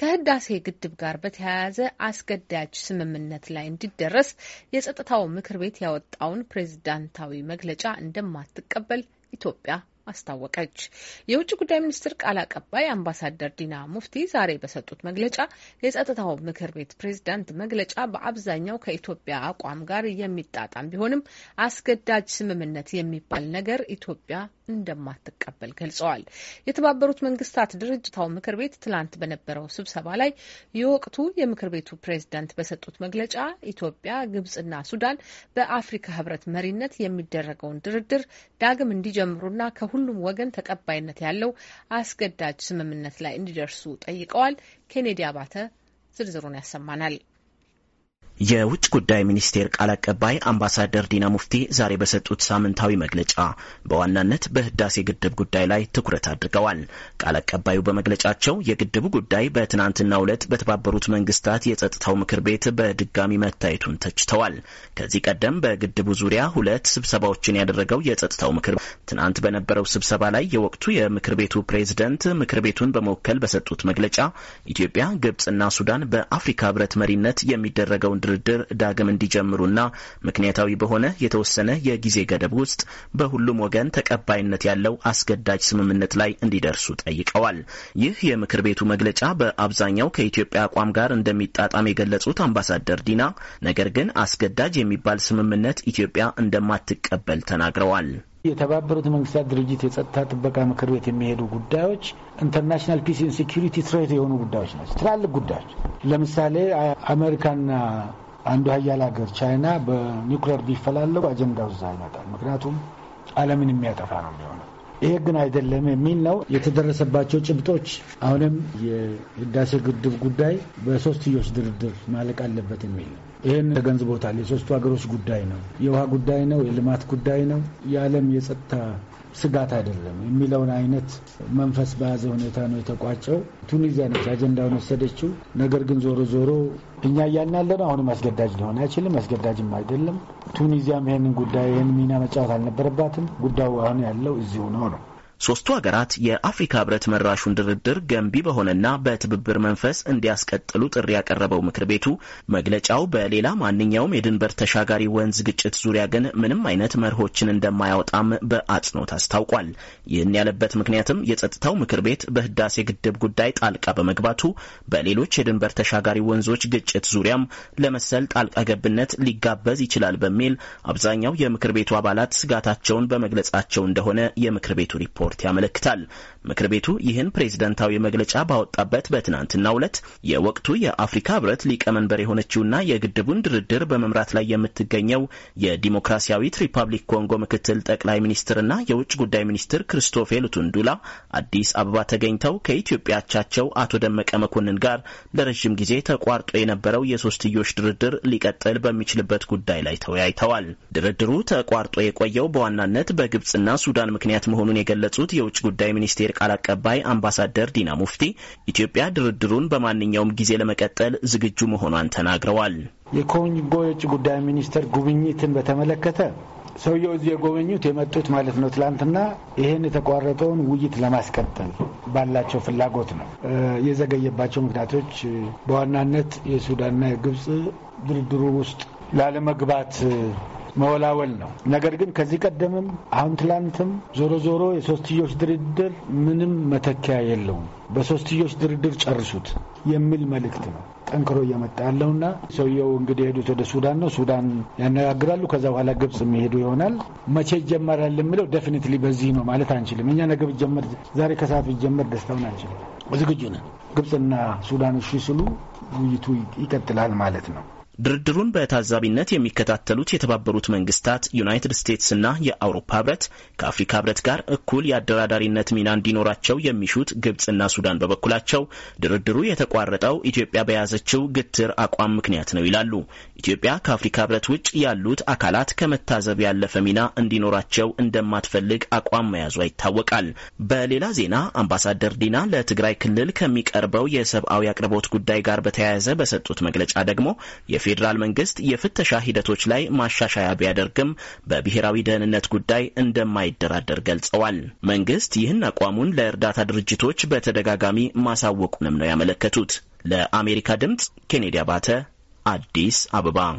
ከህዳሴ ግድብ ጋር በተያያዘ አስገዳጅ ስምምነት ላይ እንዲደረስ የጸጥታው ምክር ቤት ያወጣውን ፕሬዝዳንታዊ መግለጫ እንደማትቀበል ኢትዮጵያ አስታወቀች። የውጭ ጉዳይ ሚኒስትር ቃል አቀባይ አምባሳደር ዲና ሙፍቲ ዛሬ በሰጡት መግለጫ የጸጥታው ምክር ቤት ፕሬዝዳንት መግለጫ በአብዛኛው ከኢትዮጵያ አቋም ጋር የሚጣጣም ቢሆንም አስገዳጅ ስምምነት የሚባል ነገር ኢትዮጵያ እንደማትቀበል ገልጸዋል። የተባበሩት መንግስታት ድርጅታው ምክር ቤት ትላንት በነበረው ስብሰባ ላይ የወቅቱ የምክር ቤቱ ፕሬዝዳንት በሰጡት መግለጫ ኢትዮጵያ፣ ግብጽና ሱዳን በአፍሪካ ህብረት መሪነት የሚደረገውን ድርድር ዳግም እንዲጀምሩና ከሁሉም ወገን ተቀባይነት ያለው አስገዳጅ ስምምነት ላይ እንዲደርሱ ጠይቀዋል። ኬኔዲ አባተ ዝርዝሩን ያሰማናል። የውጭ ጉዳይ ሚኒስቴር ቃል አቀባይ አምባሳደር ዲና ሙፍቲ ዛሬ በሰጡት ሳምንታዊ መግለጫ በዋናነት በህዳሴ ግድብ ጉዳይ ላይ ትኩረት አድርገዋል። ቃል አቀባዩ በመግለጫቸው የግድቡ ጉዳይ በትናንትናው ዕለት በተባበሩት መንግስታት የጸጥታው ምክር ቤት በድጋሚ መታየቱን ተችተዋል። ከዚህ ቀደም በግድቡ ዙሪያ ሁለት ስብሰባዎችን ያደረገው የጸጥታው ምክር ቤት ትናንት በነበረው ስብሰባ ላይ የወቅቱ የምክር ቤቱ ፕሬዝደንት ምክር ቤቱን በመወከል በሰጡት መግለጫ ኢትዮጵያ፣ ግብጽና ሱዳን በአፍሪካ ህብረት መሪነት የሚደረገውን ድርድር ዳግም እንዲጀምሩና ምክንያታዊ በሆነ የተወሰነ የጊዜ ገደብ ውስጥ በሁሉም ወገን ተቀባይነት ያለው አስገዳጅ ስምምነት ላይ እንዲደርሱ ጠይቀዋል። ይህ የምክር ቤቱ መግለጫ በአብዛኛው ከኢትዮጵያ አቋም ጋር እንደሚጣጣም የገለጹት አምባሳደር ዲና ነገር ግን አስገዳጅ የሚባል ስምምነት ኢትዮጵያ እንደማትቀበል ተናግረዋል። የተባበሩት መንግስታት ድርጅት የጸጥታ ጥበቃ ምክር ቤት የሚሄዱ ጉዳዮች ኢንተርናሽናል ፒስ ኤንድ ሴኪሪቲ ትሬት የሆኑ ጉዳዮች ናቸው። ትላልቅ ጉዳዮች ለምሳሌ አሜሪካና አንዱ ሀያል ሀገር ቻይና በኒውክሌር ቢፈላለጉ አጀንዳው እዛ ይመጣል። ምክንያቱም ዓለምን የሚያጠፋ ነው የሚሆነው። ይሄ ግን አይደለም የሚል ነው የተደረሰባቸው ጭብጦች። አሁንም የህዳሴ ግድብ ጉዳይ በሶስትዮሽ ድርድር ማለቅ አለበት የሚል ነው። ይህን ተገንዝቦታል። የሶስቱ ሀገሮች ጉዳይ ነው፣ የውሃ ጉዳይ ነው፣ የልማት ጉዳይ ነው፣ የዓለም የጸጥታ ስጋት አይደለም የሚለውን አይነት መንፈስ በያዘ ሁኔታ ነው የተቋጨው። ቱኒዚያ ነች አጀንዳውን ወሰደችው። ነገር ግን ዞሮ ዞሮ እኛ እያልን ያለነው አሁንም አስገዳጅ ሊሆን አይችልም፣ አስገዳጅም አይደለም። ቱኒዚያም ይህንን ጉዳይ ይህን ሚና መጫወት አልነበረባትም። ጉዳዩ አሁን ያለው እዚሁ ነው ነው ሶስቱ ሀገራት የአፍሪካ ህብረት መራሹን ድርድር ገንቢ በሆነና በትብብር መንፈስ እንዲያስቀጥሉ ጥሪ ያቀረበው ምክር ቤቱ መግለጫው በሌላ ማንኛውም የድንበር ተሻጋሪ ወንዝ ግጭት ዙሪያ ግን ምንም አይነት መርሆችን እንደማያወጣም በአጽንኦት አስታውቋል። ይህን ያለበት ምክንያትም የጸጥታው ምክር ቤት በህዳሴ ግድብ ጉዳይ ጣልቃ በመግባቱ በሌሎች የድንበር ተሻጋሪ ወንዞች ግጭት ዙሪያም ለመሰል ጣልቃ ገብነት ሊጋበዝ ይችላል በሚል አብዛኛው የምክር ቤቱ አባላት ስጋታቸውን በመግለጻቸው እንደሆነ የምክር ቤቱ ሪፖርት ሪፖርት ያመለክታል። ምክር ቤቱ ይህን ፕሬዝደንታዊ መግለጫ ባወጣበት በትናንትናው ዕለት የወቅቱ የአፍሪካ ህብረት ሊቀመንበር የሆነችውና የግድቡን ድርድር በመምራት ላይ የምትገኘው የዲሞክራሲያዊት ሪፐብሊክ ኮንጎ ምክትል ጠቅላይ ሚኒስትርና የውጭ ጉዳይ ሚኒስትር ክርስቶፌ ሉቱንዱላ አዲስ አበባ ተገኝተው ከኢትዮጵያ አቻቸው አቶ ደመቀ መኮንን ጋር ለረዥም ጊዜ ተቋርጦ የነበረው የሶስትዮሽ ድርድር ሊቀጥል በሚችልበት ጉዳይ ላይ ተወያይተዋል። ድርድሩ ተቋርጦ የቆየው በዋናነት በግብፅና ሱዳን ምክንያት መሆኑን የገለጹ የገለጹት የውጭ ጉዳይ ሚኒስቴር ቃል አቀባይ አምባሳደር ዲና ሙፍቲ ኢትዮጵያ ድርድሩን በማንኛውም ጊዜ ለመቀጠል ዝግጁ መሆኗን ተናግረዋል። የኮንጎ የውጭ ጉዳይ ሚኒስትር ጉብኝትን በተመለከተ ሰውየው እዚህ የጎበኙት የመጡት ማለት ነው። ትላንትና ይህን የተቋረጠውን ውይይት ለማስቀጠል ባላቸው ፍላጎት ነው። የዘገየባቸው ምክንያቶች በዋናነት የሱዳንና የግብፅ ድርድሩ ውስጥ ላለመግባት መወላወል ነው። ነገር ግን ከዚህ ቀደምም አሁን ትላንትም ዞሮ ዞሮ የሶስትዮሽ ድርድር ምንም መተኪያ የለውም። በሶስትዮሽ ድርድር ጨርሱት የሚል መልእክት ነው ጠንክሮ እየመጣ ያለውና ሰውየው እንግዲህ የሄዱት ወደ ሱዳን ነው። ሱዳን ያነጋግራሉ። ከዛ በኋላ ግብጽ የሚሄዱ ይሆናል። መቼ ይጀመራል የሚለው ደፊኒትሊ በዚህ ነው ማለት አንችልም። እኛ ነገ ቢጀመር ዛሬ ከሰዓት ቢጀመር ደስታውን አንችልም። ዝግጁ ነን። ግብጽና ሱዳን እሺ ስሉ ውይይቱ ይቀጥላል ማለት ነው። ድርድሩን በታዛቢነት የሚከታተሉት የተባበሩት መንግስታት፣ ዩናይትድ ስቴትስና የአውሮፓ ህብረት ከአፍሪካ ህብረት ጋር እኩል የአደራዳሪነት ሚና እንዲኖራቸው የሚሹት ግብጽና ሱዳን በበኩላቸው ድርድሩ የተቋረጠው ኢትዮጵያ በያዘችው ግትር አቋም ምክንያት ነው ይላሉ። ኢትዮጵያ ከአፍሪካ ህብረት ውጭ ያሉት አካላት ከመታዘብ ያለፈ ሚና እንዲኖራቸው እንደማትፈልግ አቋም መያዟ ይታወቃል። በሌላ ዜና አምባሳደር ዲና ለትግራይ ክልል ከሚቀርበው የሰብአዊ አቅርቦት ጉዳይ ጋር በተያያዘ በሰጡት መግለጫ ደግሞ የፌዴራል መንግስት የፍተሻ ሂደቶች ላይ ማሻሻያ ቢያደርግም በብሔራዊ ደህንነት ጉዳይ እንደማይደራደር ገልጸዋል። መንግስት ይህን አቋሙን ለእርዳታ ድርጅቶች በተደጋጋሚ ማሳወቁንም ነው ያመለከቱት። ለአሜሪካ ድምፅ ኬኔዲ አባተ አዲስ አበባ